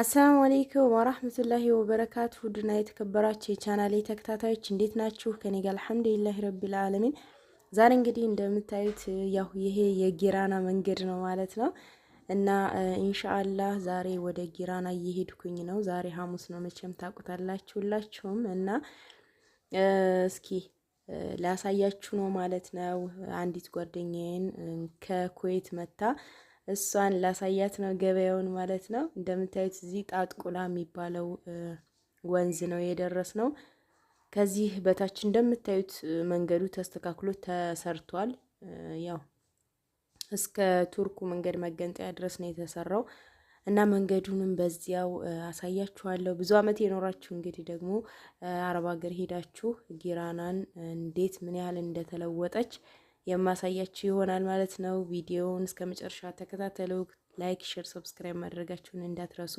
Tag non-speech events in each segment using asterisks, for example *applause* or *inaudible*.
አሰላሙ አሌይኩም ወራህመቱላሂ ወበረካቱ ውድና የተከበራችሁ የቻናሌ ተከታታዮች እንዴት ናችሁ? ከኔ ጋር አልሐምዱሊላሂ ረቢል አለሚን። ዛሬ እንግዲህ እንደምታዩት ያው ይሄ የጊራና መንገድ ነው ማለት ነው እና ኢንሻአላህ ዛሬ ወደ ጊራና እየሄድኩኝ ነው። ዛሬ ሐሙስ ነው መቼም ታውቁታላችሁ ሁላችሁም እና እስኪ ላሳያችሁ ነው ማለት ነው። አንዲት ጓደኛዬን ከኩዌት መታ እሷን ላሳያት ነው ገበያውን ማለት ነው። እንደምታዩት እዚህ ጣጥቁላ የሚባለው ወንዝ ነው የደረስ ነው። ከዚህ በታች እንደምታዩት መንገዱ ተስተካክሎ ተሰርቷል። ያው እስከ ቱርኩ መንገድ መገንጠያ ድረስ ነው የተሰራው እና መንገዱንም በዚያው አሳያችኋለሁ። ብዙ ዓመት የኖራችሁ እንግዲህ ደግሞ አረብ ሀገር ሄዳችሁ ጊራናን እንዴት ምን ያህል እንደተለወጠች የማሳያችሁ ይሆናል ማለት ነው። ቪዲዮውን እስከ መጨረሻ ተከታተሉ። ላይክ፣ ሼር፣ ሰብስክራይብ ማድረጋችሁን እንዳትረሱ።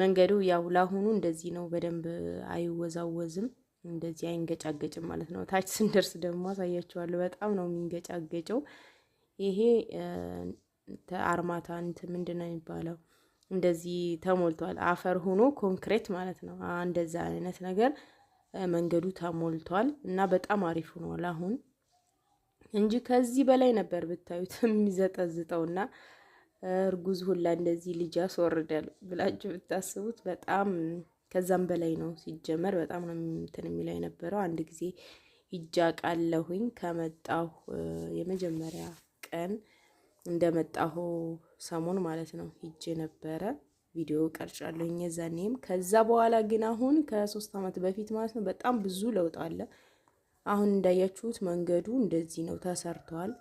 መንገዱ ያው ለአሁኑ እንደዚህ ነው። በደንብ አይወዛወዝም፣ እንደዚህ አይንገጫገጭም ማለት ነው። ታች ስንደርስ ደግሞ አሳያችኋለሁ። በጣም ነው የሚንገጫገጨው። ይሄ አርማታ እንትን ምንድን ነው የሚባለው? እንደዚህ ተሞልቷል። አፈር ሆኖ ኮንክሬት ማለት ነው። እንደዛ አይነት ነገር መንገዱ ተሞልቷል እና በጣም አሪፍ ሆኗል አሁን እንጂ ከዚህ በላይ ነበር ብታዩት *laughs* የሚዘጠዝጠውና እርጉዝ ሁላ እንደዚህ ልጅ ያስወርዳል ብላችሁ ብታስቡት በጣም ከዛም በላይ ነው። ሲጀመር በጣም ነው እንትን የሚለው የነበረው። አንድ ጊዜ ይጃቃለሁኝ ከመጣሁ የመጀመሪያ ቀን እንደመጣሁ ሰሞን ማለት ነው ሂጄ ነበረ ቪዲዮ ቀርጫለሁኝ የዛኔም። ከዛ በኋላ ግን አሁን ከሶስት አመት በፊት ማለት ነው በጣም ብዙ ለውጥ አለ። አሁን እንዳያችሁት መንገዱ እንደዚህ ነው ተሰርቷል።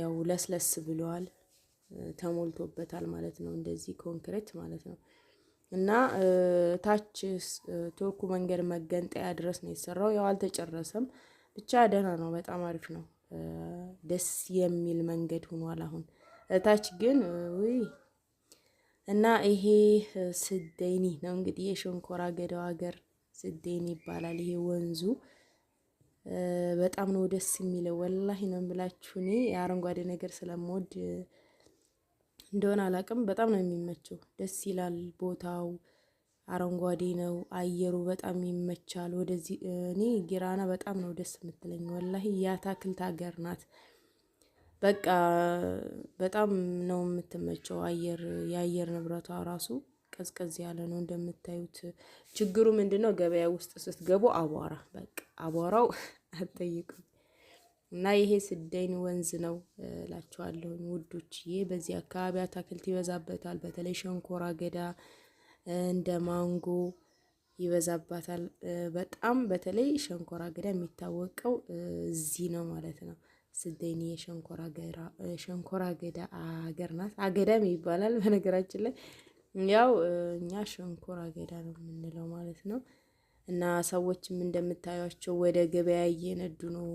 ያው ለስለስ ብለዋል፣ ተሞልቶበታል ማለት ነው። እንደዚህ ኮንክሪት ማለት ነው። እና ታች ቱርኩ መንገድ መገንጠያ ድረስ ነው የተሰራው። ያው አልተጨረሰም፣ ብቻ ደህና ነው፣ በጣም አሪፍ ነው። ደስ የሚል መንገድ ሆኗል። አሁን ታች ግን ውይ እና ይሄ ስደኒ ነው እንግዲህ የሸንኮራ አገዳው ሀገር ስደኒ ይባላል ይሄ ወንዙ በጣም ነው ደስ የሚለው። ወላሂ ነው የምላችሁ። እኔ የአረንጓዴ ነገር ስለምወድ እንደሆነ አላውቅም፣ በጣም ነው የሚመቸው። ደስ ይላል ቦታው አረንጓዴ ነው፣ አየሩ በጣም ይመቻል። ወደዚህ እኔ ጊራና በጣም ነው ደስ የምትለኝ ወላሂ። የአታክልት ሀገር ናት። በቃ በጣም ነው የምትመቸው አየር የአየር ንብረቷ ራሱ ቀዝቀዝ ያለ ነው እንደምታዩት። ችግሩ ምንድን ነው? ገበያ ውስጥ ስትገቡ አቧራ በቃ አቧራው *laughs* አትጠይቁም። እና ይሄ ስደኝ ወንዝ ነው እላችኋለሁ ውዶችዬ። በዚህ አካባቢ አታክልት ይበዛበታል። በተለይ ሸንኮራ አገዳ እንደ ማንጎ ይበዛባታል በጣም በተለይ ሸንኮራ አገዳ የሚታወቀው እዚህ ነው ማለት ነው። ስደኝ የሸንኮራ አገዳ አገር ናት። አገዳም ይባላል በነገራችን ላይ ያው እኛ ሸንኮር አገዳ ነው የምንለው ማለት ነው። እና ሰዎችም እንደምታዩቸው ወደ ገበያ እየነዱ ነው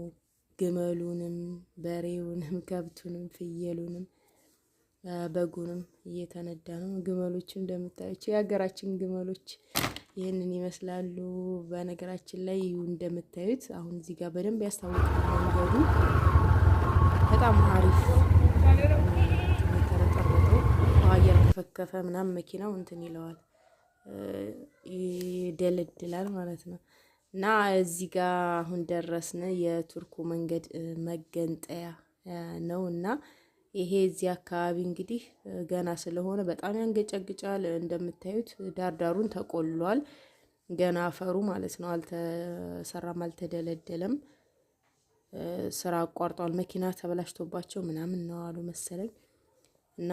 ግመሉንም፣ በሬውንም፣ *laughs* ከብቱንም፣ ፍየሉንም በጉንም እየተነዳ ነው። ግመሎችም እንደምታዩቸው የሀገራችን ግመሎች ይህንን ይመስላሉ። በነገራችን ላይ እንደምታዩት አሁን እዚህ ጋር በደንብ ያስታውቃል መንገዱ በጣም አሪፍ እየተርከፈከፈ ምናምን መኪናው እንትን ይለዋል ይደለድላል ማለት ነው። እና እዚህ ጋር አሁን ደረስን። የቱርኩ መንገድ መገንጠያ ነው እና ይሄ እዚህ አካባቢ እንግዲህ ገና ስለሆነ በጣም ያንገጨግጫል። እንደምታዩት ዳርዳሩን ተቆልሏል፣ ገና አፈሩ ማለት ነው። አልተሰራም፣ አልተደለደለም። ስራ አቋርጧል። መኪና ተበላሽቶባቸው ምናምን ነው አሉ መሰለኝ እና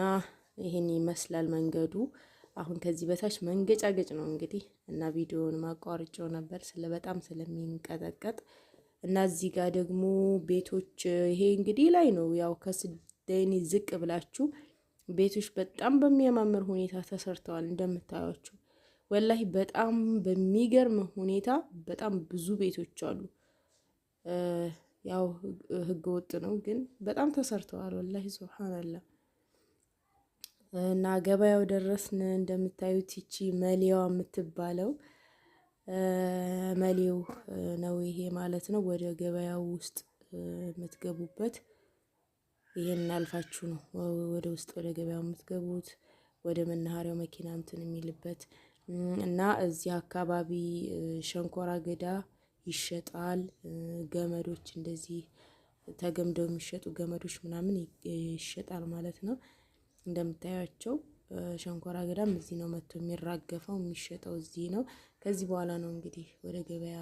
ይህን ይመስላል መንገዱ። አሁን ከዚህ በታች መንገጫገጭ ነው እንግዲህ እና ቪዲዮውን ማቋርጬው ነበር ስለ በጣም ስለሚንቀጠቀጥ እና እዚህ ጋር ደግሞ ቤቶች ይሄ እንግዲህ ላይ ነው ያው ከስደኒ ዝቅ ብላችሁ ቤቶች በጣም በሚያማምር ሁኔታ ተሰርተዋል እንደምታዩቸው። ወላሂ በጣም በሚገርም ሁኔታ በጣም ብዙ ቤቶች አሉ። ያው ህገ ወጥ ነው ግን በጣም ተሰርተዋል። ወላሂ ሱብሃነላህ እና ገበያው ደረስን። እንደምታዩት ይቺ መሌዋ የምትባለው መሌው ነው ይሄ ማለት ነው። ወደ ገበያው ውስጥ የምትገቡበት ይሄን እናልፋችሁ ነው ወደ ውስጥ ወደ ገበያው የምትገቡት ወደ መናኸሪያው መኪና እንትን የሚልበት እና እዚህ አካባቢ ሸንኮራ አገዳ ይሸጣል። ገመዶች እንደዚህ ተገምደው የሚሸጡ ገመዶች ምናምን ይሸጣል ማለት ነው። እንደምታያቸው ሸንኮራ አገዳም እዚህ ነው መጥቶ የሚራገፈው የሚሸጠው እዚህ ነው። ከዚህ በኋላ ነው እንግዲህ ወደ ገበያ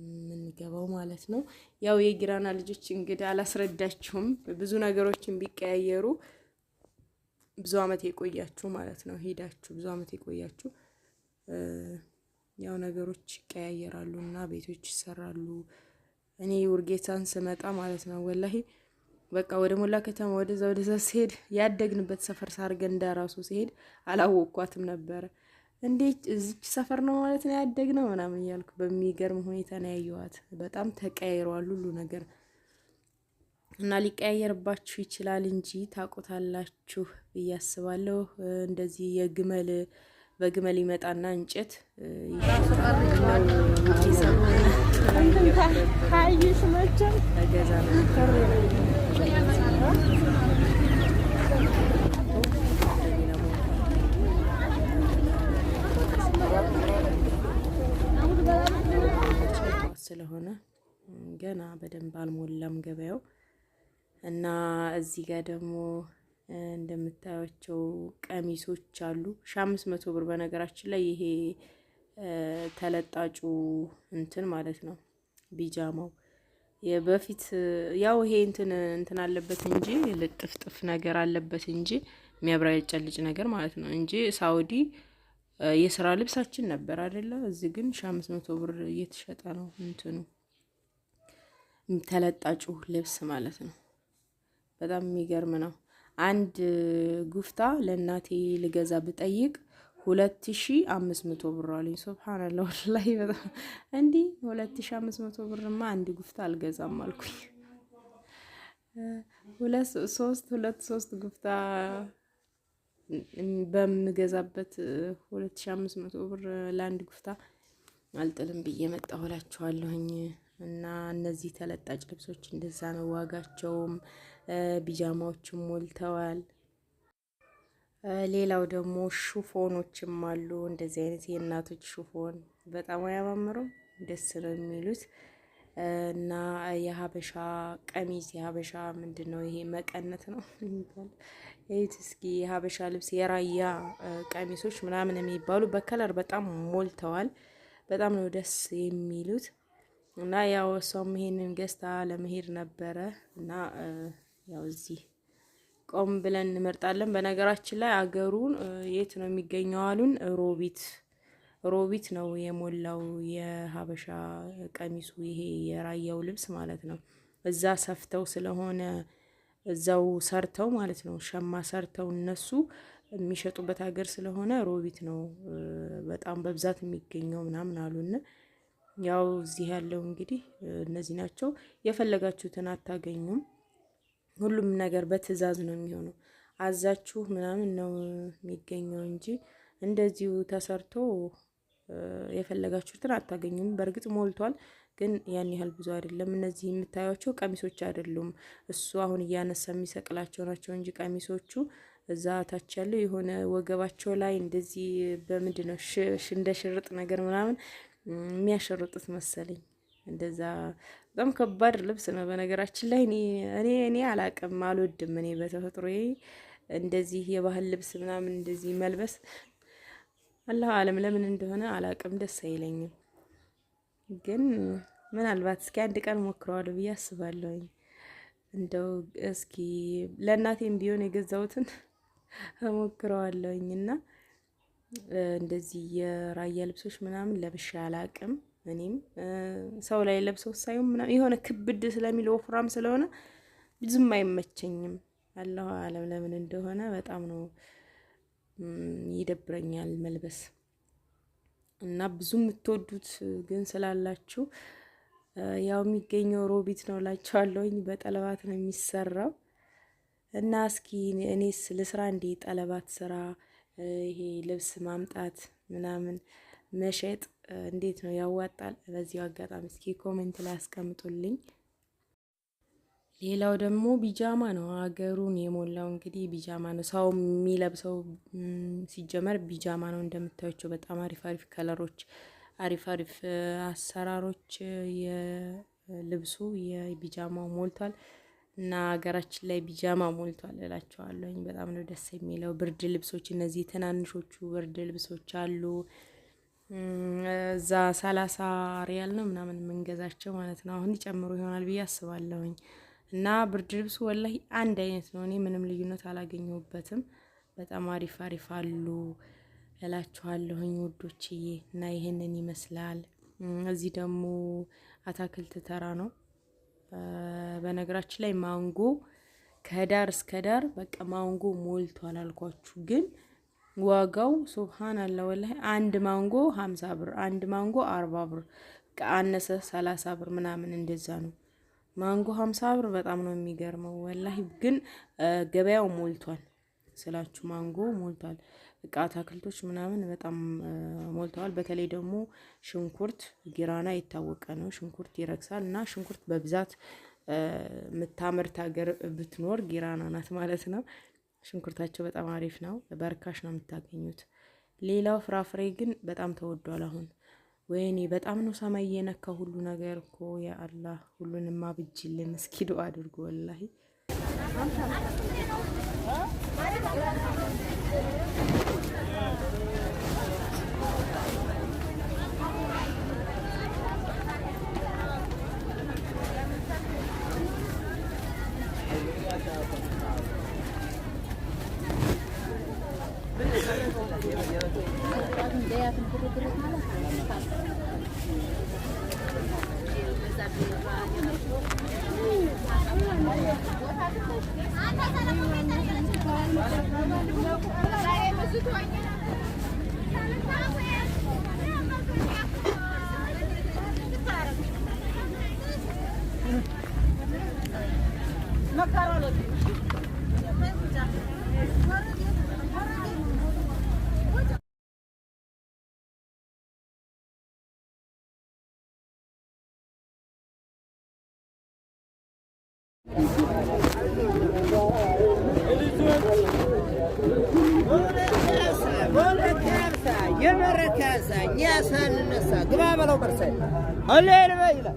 የምንገባው ማለት ነው። ያው የጊራና ልጆች እንግዲህ አላስረዳችሁም ብዙ ነገሮችን ቢቀያየሩ ብዙ አመት የቆያችሁ ማለት ነው። ሄዳችሁ ብዙ አመት የቆያችሁ ያው ነገሮች ይቀያየራሉ እና ቤቶች ይሰራሉ። እኔ ውርጌታን ስመጣ ማለት ነው ወላሄ በቃ ወደ ሞላ ከተማ ወደዛ ወደዛ ሲሄድ ያደግንበት ሰፈር ሳርገንዳ ራሱ ሲሄድ አላወቅኳትም ነበረ። እንዴት እዚች ሰፈር ነው ማለት ነው ያደግነው ምናምን እያልኩ በሚገርም ሁኔታ ነው ያየኋት። በጣም ተቀያይሯል ሁሉ ነገር እና ሊቀያየርባችሁ ይችላል እንጂ ታቆታላችሁ ብዬ አስባለሁ። እንደዚህ የግመል በግመል ይመጣና እንጨት ስለሆነ ገና በደንብ አልሞላም ገበያው እና እዚህ ጋር ደግሞ እንደምታያቸው ቀሚሶች አሉ ሺ አምስት መቶ ብር በነገራችን ላይ ይሄ ተለጣጩ እንትን ማለት ነው ቢጃማው የበፊት ያው ይሄ እንትን እንትን አለበት እንጂ ልጥፍጥፍ ነገር አለበት እንጂ የሚያብራጨልጭ ነገር ማለት ነው እንጂ ሳውዲ የስራ ልብሳችን ነበር አይደለ? እዚህ ግን ሺ አምስት መቶ ብር እየተሸጠ ነው እንትኑ ተለጣጩ ልብስ ማለት ነው። በጣም የሚገርም ነው። አንድ ጉፍታ ለእናቴ ልገዛ ብጠይቅ ሁለት ሺ አምስት መቶ ብር አለኝ። ሱብሃንአላህ ወላሂ በጣም እንዲህ ሁለት ሺ አምስት መቶ ብርማ አንድ ጉፍታ አልገዛም አልኩኝ። ሁለት ሶስት ሁለት ሶስት ጉፍታ በምገዛበት ሁለት ሺ አምስት መቶ ብር ለአንድ ጉፍታ አልጥልም ብዬ መጣሁ እላችኋለሁኝ። እና እነዚህ ተለጣጭ ልብሶች እንደዛ ነው ዋጋቸውም። ቢጃማዎችም ሞልተዋል። ሌላው ደግሞ ሹፎኖችም አሉ። እንደዚህ አይነት የእናቶች ሹፎን በጣም አያማምሩም? ደስ ነው የሚሉት እና የሀበሻ ቀሚስ የሀበሻ ምንድን ነው ይሄ መቀነት ነው *laughs* ይት እስኪ የሀበሻ ልብስ የራያ ቀሚሶች ምናምን የሚባሉ በከለር በጣም ሞልተዋል። በጣም ነው ደስ የሚሉት እና ያው እሷም ይሄንን ገዝታ ለመሄድ ነበረ እና ያው እዚህ ቆም ብለን እንመርጣለን። በነገራችን ላይ አገሩን የት ነው የሚገኘው አሉን። ሮቢት ሮቢት ነው የሞላው የሀበሻ ቀሚሱ ይሄ የራያው ልብስ ማለት ነው። እዛ ሰፍተው ስለሆነ እዛው ሰርተው ማለት ነው ሸማ ሰርተው እነሱ የሚሸጡበት ሀገር ስለሆነ ሮቢት ነው በጣም በብዛት የሚገኘው ምናምን አሉን። ያው እዚህ ያለው እንግዲህ እነዚህ ናቸው። የፈለጋችሁትን አታገኙም። ሁሉም ነገር በትዕዛዝ ነው የሚሆነው። አዛችሁ ምናምን ነው የሚገኘው እንጂ እንደዚሁ ተሰርቶ የፈለጋችሁትን አታገኙም። በእርግጥ ሞልቷል፣ ግን ያን ያህል ብዙ አይደለም። እነዚህ የምታዩቸው ቀሚሶች አይደሉም። እሱ አሁን እያነሳ የሚሰቅላቸው ናቸው እንጂ ቀሚሶቹ እዛ ታች ያለው የሆነ ወገባቸው ላይ እንደዚህ በምንድን ነው እንደ ሽርጥ ነገር ምናምን የሚያሸርጡት መሰለኝ እንደዛ በጣም ከባድ ልብስ ነው። በነገራችን ላይ እኔ እኔ አላቅም አልወድም። እኔ በተፈጥሮ እንደዚህ የባህል ልብስ ምናምን እንደዚህ መልበስ አላህ አለም ለምን እንደሆነ አላቅም፣ ደስ አይለኝም። ግን ምናልባት እስኪ አንድ ቀን ሞክረዋለሁ ብዬ አስባለሁኝ። እንደው እስኪ ለእናቴም ቢሆን የገዛሁትን *laughs* ሞክረዋለሁኝ እና እንደዚህ የራያ ልብሶች ምናምን ለብሼ አላቅም። እኔም ሰው ላይ ለብሰው ሳይሆን ምናምን የሆነ ክብድ ስለሚል ወፍራም ስለሆነ ብዙም አይመቸኝም። አላሁ አለም ለምን እንደሆነ በጣም ነው ይደብረኛል መልበስ እና ብዙ የምትወዱት ግን ስላላችሁ ያው የሚገኘው ሮቢት ነው ላቸዋለሁኝ። በጠለባት ነው የሚሰራው እና እስኪ እኔስ ለስራ እንዴ ጠለባት ስራ ይሄ ልብስ ማምጣት ምናምን መሸጥ እንዴት ነው ያዋጣል? በዚሁ አጋጣሚ እስኪ ኮሜንት ላይ አስቀምጡልኝ። ሌላው ደግሞ ቢጃማ ነው፣ ሀገሩን የሞላው እንግዲህ ቢጃማ ነው። ሰው የሚለብሰው ሲጀመር ቢጃማ ነው። እንደምታዩቸው በጣም አሪፍ አሪፍ ከለሮች፣ አሪፍ አሪፍ አሰራሮች የልብሱ የቢጃማው ሞልቷል እና ሀገራችን ላይ ቢጃማ ሞልቷል እላቸዋለኝ። በጣም ነው ደስ የሚለው ብርድ ልብሶች፣ እነዚህ ትናንሾቹ ብርድ ልብሶች አሉ። እዛ ሰላሳ ሪያል ነው ምናምን የምንገዛቸው ማለት ነው። አሁን ይጨምሩ ይሆናል ብዬ አስባለሁኝ። እና ብርድ ልብሱ ወላሂ አንድ አይነት ነው። እኔ ምንም ልዩነት አላገኘሁበትም። በጣም አሪፍ አሪፍ አሉ እላችኋለሁኝ ውዶችዬ። እና ይህንን ይመስላል። እዚህ ደግሞ አታክልት ተራ ነው። በነገራችን ላይ ማንጎ ከዳር እስከ ዳር በቃ ማንጎ ሞልቷል አልኳችሁ ግን ዋጋው ሱብሃን አላ ወላሂ አንድ ማንጎ ሀምሳ ብር፣ አንድ ማንጎ አርባ ብር፣ ከአነሰ ሰላሳ ብር ምናምን እንደዛ ነው። ማንጎ ሀምሳ ብር በጣም ነው የሚገርመው ወላሂ። ግን ገበያው ሞልቷል ስላችሁ ማንጎ ሞልቷል። እቃ አትክልቶች ምናምን በጣም ሞልተዋል። በተለይ ደግሞ ሽንኩርት ጊራና የታወቀ ነው። ሽንኩርት ይረግሳል እና ሽንኩርት በብዛት የምታመርት ሀገር ብትኖር ጊራና ናት ማለት ነው። ሽንኩርታቸው በጣም አሪፍ ነው። በርካሽ ነው የምታገኙት። ሌላው ፍራፍሬ ግን በጣም ተወዷል አሁን። ወይኔ በጣም ነው ሰማይ እየነካ ሁሉ ነገር እኮ የአላህ ሁሉንም አብጅልን እስኪ ዱአ አድርጉ ወላሂ የመረከሰ እኛ ሳንነሳ ግባ በለው በርሰ አሌ ልበ ይላል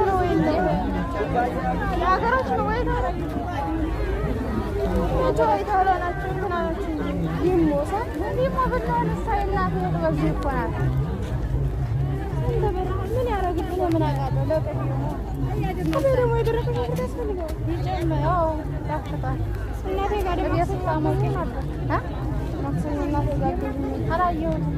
የሀገራችን ወይ ተላናቸው ናቸው ይሞሳ እንዲሞ ብናነሳ የእናት በዚህ ይኮናል። ምን ያደርግልህ? ምን አውቃለሁ። ደግሞ የደረሰ ያስፈልገዋል። ይጨምራል። እናቴ ጋር እያሰማሁት ነበር። ማክሰኞ እናቴ ጋር አላየሁትም።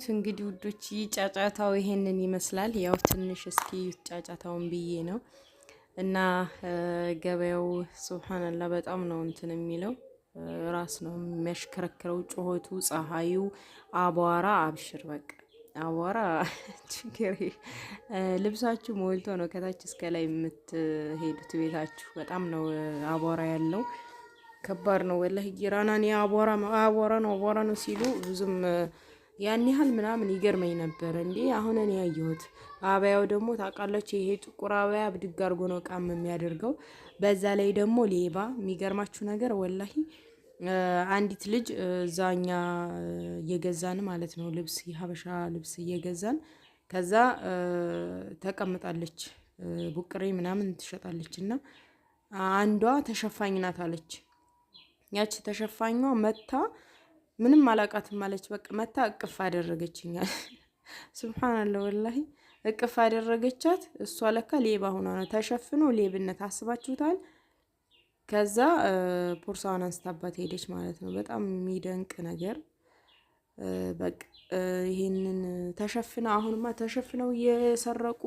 የምታዩት እንግዲህ ውዶች ጫጫታው ይሄንን ይመስላል። ያው ትንሽ እስኪ ጫጫታውን ብዬ ነው እና ገበያው ሱብሃንላ በጣም ነው እንትን የሚለው ራስ ነው የሚያሽከረክረው። ጩኸቱ፣ ፀሐዩ፣ አቧራ አብሽር በቃ አቧራ *laughs* ችግር። ልብሳችሁ ሞልቶ ነው ከታች እስከ ላይ የምትሄዱት ቤታችሁ። በጣም ነው አቧራ ያለው ከባድ ነው ወላሂ። ጊራናን አቧራ ነው አቧራ ነው ሲሉ ብዙም ያን ያህል ምናምን ይገርመኝ ነበር። እንዴ አሁን እኔ ያየሁት። አበያው ደግሞ ታውቃላችሁ፣ ይሄ ጥቁር አበያ ብድግ አድርጎ ነው ቃም የሚያደርገው። በዛ ላይ ደግሞ ሌባ። የሚገርማችሁ ነገር ወላሂ አንዲት ልጅ እዛኛ እየገዛን ማለት ነው ልብስ የሀበሻ ልብስ እየገዛን ከዛ ተቀምጣለች፣ ቡቅሬ ምናምን ትሸጣለች። እና አንዷ ተሸፋኝ ናት አለች። ያቺ ተሸፋኟ መታ ምንም አላውቃትም አለች። በቃ መታ እቅፍ አደረገችኛል። ሱብሓናላህ ወላሂ እቅፍ አደረገቻት። እሷ ለካ ሌባ ሆና ነው ተሸፍኖ ሌብነት አስባችሁታል። ከዛ ፖርሳዋን አንስታባት ሄደች ማለት ነው። በጣም የሚደንቅ ነገር በቃ ይሄንን ተሸፍነው አሁንማ ተሸፍነው እየሰረቁ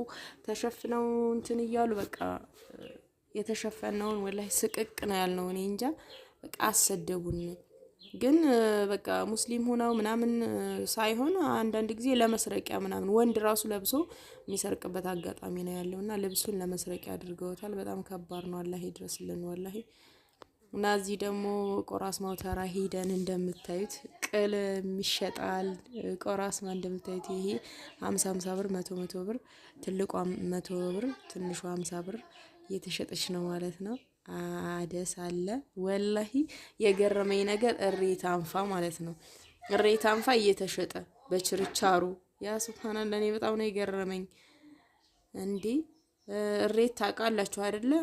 ተሸፍነው እንትን እያሉ በቃ የተሸፈነውን ወላሂ ስቅቅ ነው ያልነው። እኔ እንጃ በቃ አሰደቡን። ግን በቃ ሙስሊም ሆነው ምናምን ሳይሆን አንዳንድ ጊዜ ለመስረቂያ ምናምን ወንድ ራሱ ለብሶ የሚሰርቅበት አጋጣሚ ነው ያለው እና ልብሱን ለመስረቂያ አድርገውታል። በጣም ከባድ ነው። አላህ ይድረስልን ወላሂ። እና እዚህ ደግሞ ቆራስ ማውተራ ሂደን እንደምታዩት ቅልም ይሸጣል። ቆራስማ እንደምታዩት ይሄ አምሳ አምሳ ብር መቶ መቶ ብር ትልቋ መቶ ብር ትንሿ አምሳ ብር እየተሸጠች ነው ማለት ነው። አደስ አለ። ወላሂ የገረመኝ ነገር እሬት አንፋ ማለት ነው። እሬት አንፋ እየተሸጠ በችርቻሩ ያ ሱብሃንአላህ፣ እኔ በጣም ነው የገረመኝ። እንዴ እሬት ታውቃላችሁ አይደለ?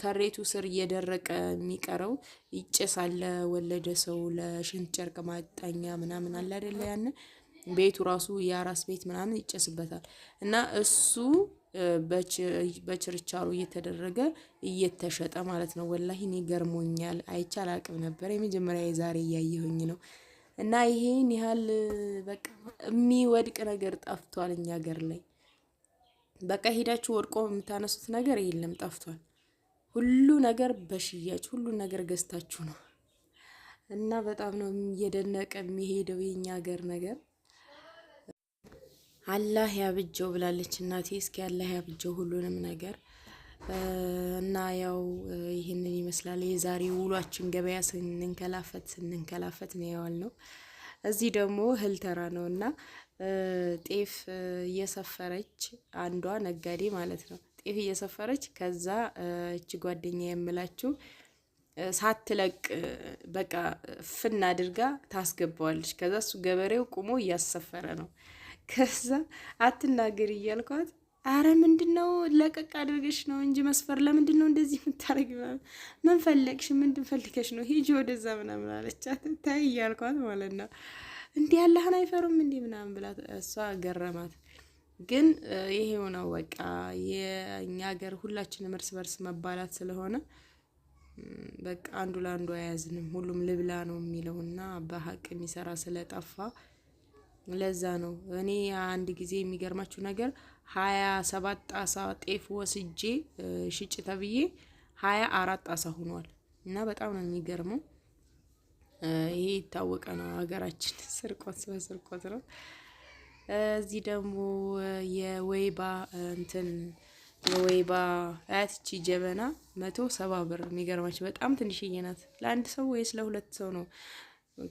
ከሬቱ ስር እየደረቀ የሚቀረው ይጨሳለ። ወለደ ሰው ለሽንት ጨርቅ ማጣኛ ምናምን አለ አይደለ? ያን ቤቱ ራሱ የአራስ ቤት ምናምን ይጨስበታል እና እሱ በችርቻሮ እየተደረገ እየተሸጠ ማለት ነው። ወላሂ እኔ ገርሞኛል፣ አይቼ አላቅም ነበር። የመጀመሪያ የዛሬ እያየሁኝ ነው። እና ይሄን ያህል በቃ የሚወድቅ ነገር ጠፍቷል እኛ ሀገር ላይ በቃ ሄዳችሁ ወድቆ የምታነሱት ነገር የለም፣ ጠፍቷል። ሁሉ ነገር በሽያጭ ሁሉ ነገር ገዝታችሁ ነው። እና በጣም ነው እየደነቀ የሚሄደው የእኛ ሀገር ነገር። አላህ ያብጀው ብላለች እናቴ። እስኪ አላህ ያብጀው ሁሉንም ነገር እና ያው ይህንን ይመስላል የዛሬ ውሏችን። ገበያ ስንንከላፈት ስንንከላፈት ነው ነው። እዚህ ደግሞ እህል ተራ ነው እና ጤፍ እየሰፈረች አንዷ ነጋዴ ማለት ነው ጤፍ እየሰፈረች ከዛ እች ጓደኛ የምላችው ሳትለቅ በቃ ፍን አድርጋ ታስገባዋለች። ከዛ እሱ ገበሬው ቁሞ እያሰፈረ ነው። ከዛ አትናገር እያልኳት አረ ምንድን ነው ለቀቅ አድርገሽ ነው እንጂ መስፈር ለምንድን ነው እንደዚህ የምታደርግ? ምን ፈለግሽ? ምንድን ፈልገሽ ነው? ሂጂ ወደዛ ምናምን አለቻት። ታይ እያልኳት ማለት ነው እንዲህ ያለህን አይፈሩም እንዲህ ምናምን ብላት እሷ ገረማት። ግን ይሄው ነው በቃ የእኛ ሀገር ሁላችንም እርስ በርስ መባላት ስለሆነ በቃ አንዱ ለአንዱ አያዝንም። ሁሉም ልብላ ነው የሚለውና በሀቅ የሚሰራ ስለጠፋ ለዛ ነው እኔ አንድ ጊዜ የሚገርማችሁ ነገር ሀያ ሰባት ጣሳ ጤፍ ወስጄ ሽጭ ተብዬ ሀያ አራት ጣሳ ሆኗል። እና በጣም ነው የሚገርመው። ይሄ የታወቀ ነው፣ ሀገራችን *laughs* ስርቆት በስርቆት ነው። እዚህ ደግሞ የወይባ እንትን የወይባ አያትቺ ጀበና መቶ ሰባ ብር የሚገርማችሁ በጣም ትንሽዬ ናት። ለአንድ ሰው ወይስ ለሁለት ሰው ነው?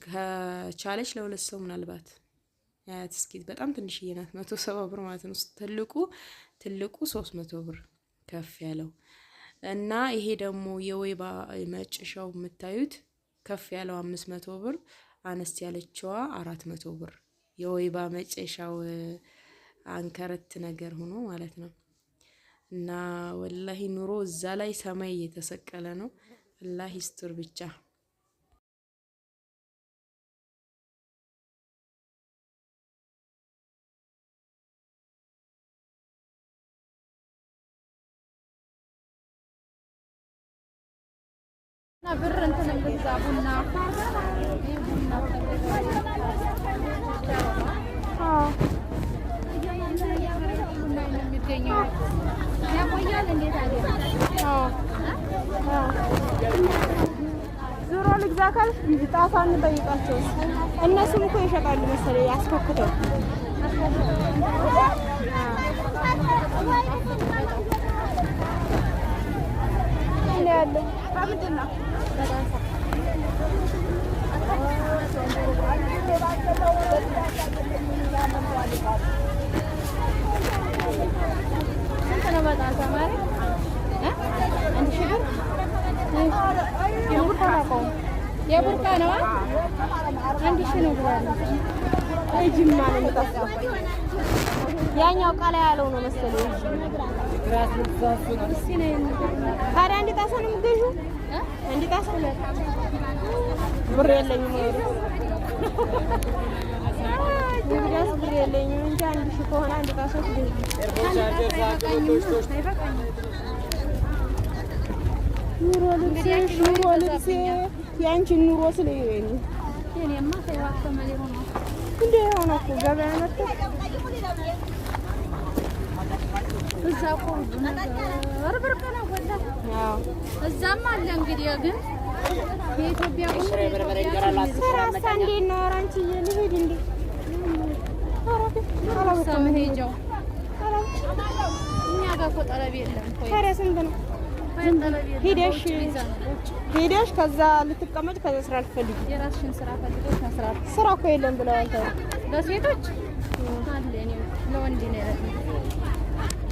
ከቻለች ለሁለት ሰው ምናልባት አያት እስኪ በጣም ትንሽዬ ናት። መቶ ሰባ ብር ማለት ነው። ትልቁ ትልቁ ሶስት መቶ ብር ከፍ ያለው እና ይሄ ደግሞ የወይባ መጭሻው የምታዩት ከፍ ያለው አምስት መቶ ብር፣ አነስ ያለችዋ አራት መቶ ብር። የወይባ መጨሻው አንከረት ነገር ሆኖ ማለት ነው። እና ወላሂ ኑሮ እዛ ላይ ሰማይ እየተሰቀለ ነው። አላህ ይስጥር ብቻ። ብር እንትን እንግዛ ቡና የሚገኘው ያቆያል። ልግዛ ካልሽ ጣፋ እንጠይቃቸው። እነሱም እኮ ይሸጣሉ መሰለኝ አስኮክተው ያለው የቡርቃ ነው። አንድ ሺህ ነው ብላለች። ያኛው ቃላ ያለው ነው መሰለኝ። ታዲያ አንድ ጣሳ ነው የምትገዢው? አንድ ጣሳ ብር የለኝም እንግዲያስ ብር የለኝም እንጂ አንድ ሺህ ከሆነ አንድ ኑሮ ልብሴ ኑሮ ልብሴ የአንቺን ኑሮ ስለይበኝ እንደ የሆነ እኮ ገበያ መጥተህ እዛ እኮ ነገር ብርቅ ነው። እዛም አለ እንግዲህ ግን የኢትዮጵያ መሄጃው እኛ ጋር እኮ ጠለብ የለም። ስንት ነው ሄደሽ ከዛ ልትቀመጭ ከዛ ስራ አልፈልግም የራስሽን ስራ ፈልገሽ መስራት ስራ እኮ የለም ብለዋል። ለሴቶች አለ ለወንድ ነው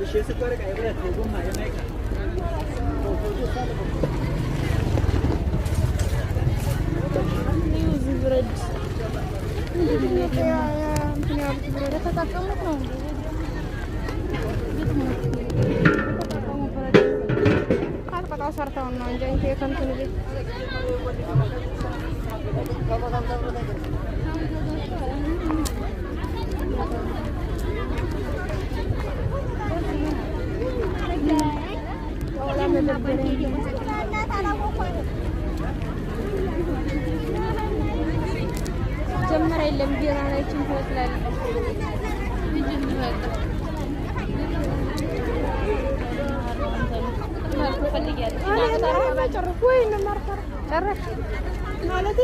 ተጠቀሙት ነው ተጠቀሙ ሰርተውን ነው እንጂ ከንትን ቤት ማለት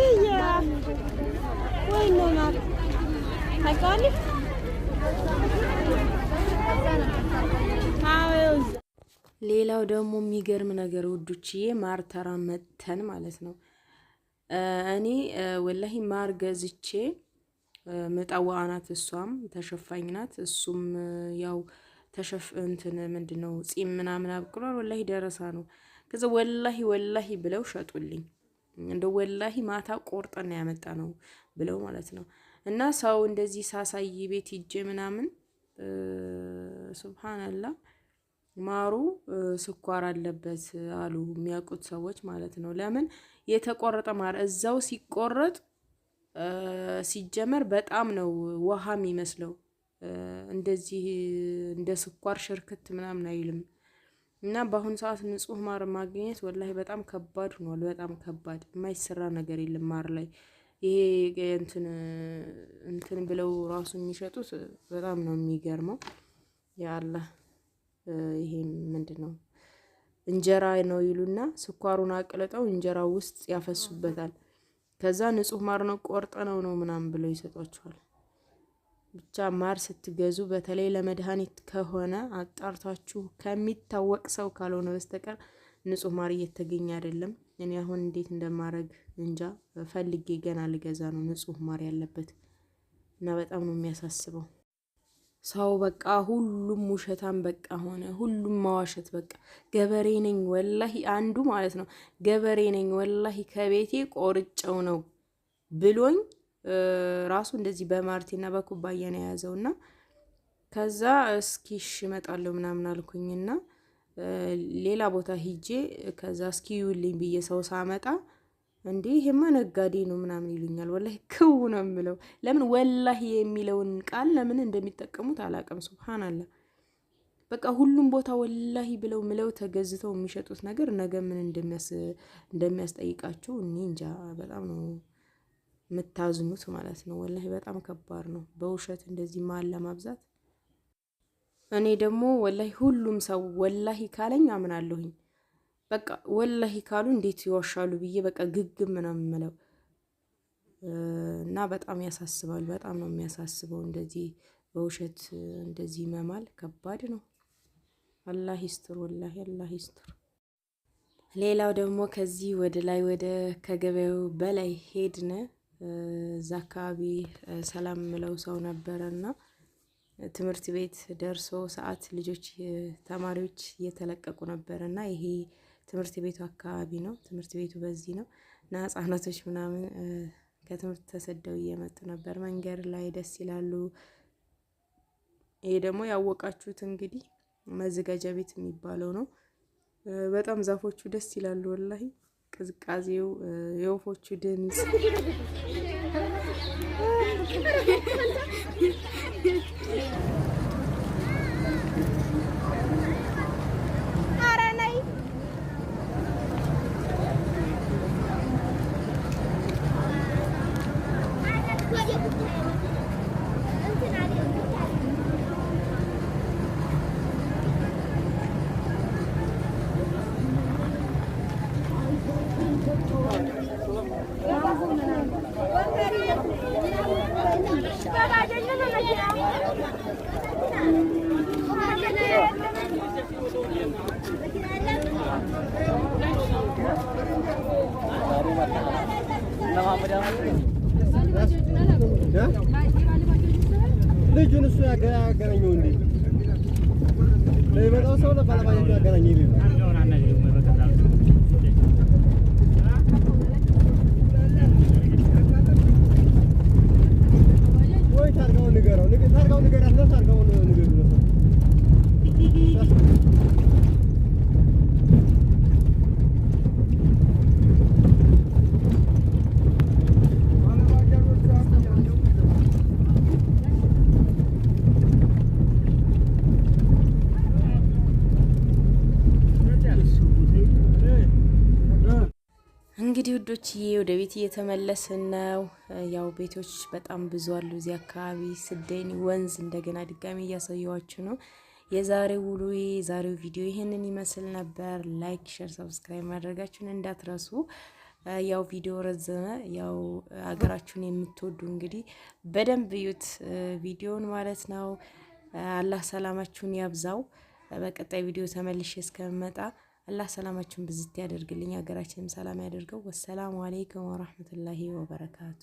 ወይ ነው ሌላው ደግሞ የሚገርም ነገር ውዱችዬ ማር ተራ መተን ማለት ነው። እኔ ወላሂ ማር ገዝቼ መጣዋ ናት፣ እሷም ተሸፋኝ ናት። እሱም ያው ተሸፍ እንትን ምንድን ነው ጺም ምናምን አብቅሏል። ወላሂ ደረሳ ነው። ከዚ ወላሂ ወላሂ ብለው ሸጡልኝ። እንደ ወላሂ ማታ ቆርጠን ያመጣ ነው ብለው ማለት ነው። እና ሰው እንደዚህ ሳሳይ ቤት ሂጄ ምናምን ሱብሃንአላህ ማሩ ስኳር አለበት አሉ የሚያውቁት ሰዎች ማለት ነው። ለምን የተቆረጠ ማር እዛው ሲቆረጥ ሲጀመር በጣም ነው ውሃ የሚመስለው። እንደዚህ እንደ ስኳር ሽርክት ምናምን አይልም። እና በአሁኑ ሰዓት ንጹህ ማር ማግኘት ወላሂ በጣም ከባድ ሆኗል። በጣም ከባድ የማይሰራ ነገር የለም ማር ላይ ይሄ እንትን እንትን ብለው ራሱ የሚሸጡት በጣም ነው የሚገርመው። ያአላህ ይሄ ምንድን ነው እንጀራ ነው ይሉና ስኳሩን አቅልጠው እንጀራ ውስጥ ያፈሱበታል። ከዛ ንጹህ ማር ነው ቆርጠነው ነው ምናምን ብለው ይሰጧቸዋል። ብቻ ማር ስትገዙ በተለይ ለመድኃኒት ከሆነ አጣርታችሁ ከሚታወቅ ሰው ካልሆነ በስተቀር ንጹህ ማር እየተገኘ አይደለም። እኔ አሁን እንዴት እንደማረግ እንጃ። ፈልጌ ገና ልገዛ ነው ንጹህ ማር ያለበት እና በጣም ነው የሚያሳስበው። ሰው በቃ ሁሉም ውሸታም በቃ ሆነ። ሁሉም ማዋሸት በቃ ገበሬ ነኝ ወላሂ፣ አንዱ ማለት ነው ገበሬ ነኝ ወላሂ ከቤቴ ቆርጨው ነው ብሎኝ ራሱ እንደዚህ በማርቲና በኩባያ ነው የያዘው እና ከዛ እስኪ እሺ እመጣለሁ ምናምን አልኩኝና ሌላ ቦታ ሂጄ ከዛ እስኪ ይውልኝ ብዬ ሰው ሳመጣ እንዲህ ይሄማ ነጋዴ ነው ምናምን ይሉኛል። ወላሂ ክው ነው የምለው። ለምን ወላሂ የሚለውን ቃል ለምን እንደሚጠቀሙት አላቅም ሱብሃንአላ በቃ ሁሉም ቦታ ወላሂ ብለው ምለው ተገዝተው የሚሸጡት ነገር ነገ ምን እንደሚያስጠይቃቸው እኔ እንጃ። በጣም ነው የምታዝኑት ማለት ነው። ወላሂ በጣም ከባድ ነው በውሸት እንደዚህ ማል ለማብዛት። እኔ ደግሞ ወላሂ ሁሉም ሰው ወላሂ ካለኝ አምናለሁኝ። በቃ ወላሂ ካሉ እንዴት ይዋሻሉ ብዬ በቃ ግግም ምናምን የምለው እና በጣም ያሳስባል። በጣም ነው የሚያሳስበው። እንደዚህ በውሸት እንደዚህ መማል ከባድ ነው። አላህ ይስጥር፣ ወላሂ አላህ ይስጥር። ሌላው ደግሞ ከዚህ ወደ ላይ ወደ ከገበያው በላይ ሄድነ እዛ አካባቢ ሰላም ምለው ሰው ነበረ እና ትምህርት ቤት ደርሶ ሰዓት ልጆች ተማሪዎች እየተለቀቁ ነበረ እና ይሄ ትምህርት ቤቱ አካባቢ ነው። ትምህርት ቤቱ በዚህ ነው እና ህጻናቶች ምናምን ከትምህርት ተሰደው እየመጡ ነበር። መንገድ ላይ ደስ ይላሉ። ይሄ ደግሞ ያወቃችሁት እንግዲህ መዘጋጃ ቤት የሚባለው ነው። በጣም ዛፎቹ ደስ ይላሉ ወላሂ። ቅዝቃዜው፣ የወፎቹ ድምፅ እንግዲህ ውዶችዬ ወደ ቤት እየተመለስን ነው። ያው ቤቶች በጣም ብዙ አሉ እዚህ አካባቢ። ስደኝ ወንዝ እንደገና ድጋሚ እያሳየዋችሁ ነው። የዛሬው ውሎ የዛሬው ቪዲዮ ይህንን ይመስል ነበር። ላይክ፣ ሸር ሰብስክራይብ ማድረጋችሁን እንዳትረሱ። ያው ቪዲዮ ረዘመ። ያው ሀገራችሁን የምትወዱ እንግዲህ በደንብ እዩት ቪዲዮን ማለት ነው። አላህ ሰላማችሁን ያብዛው። በቀጣይ ቪዲዮ ተመልሼ እስከምመጣ አላህ ሰላማችሁን ብዝት ያደርግልኝ፣ ሀገራችንም ሰላም ያደርገው። ወሰላሙ አሌይኩም ወራህመቱላሂ ወበረካቱ።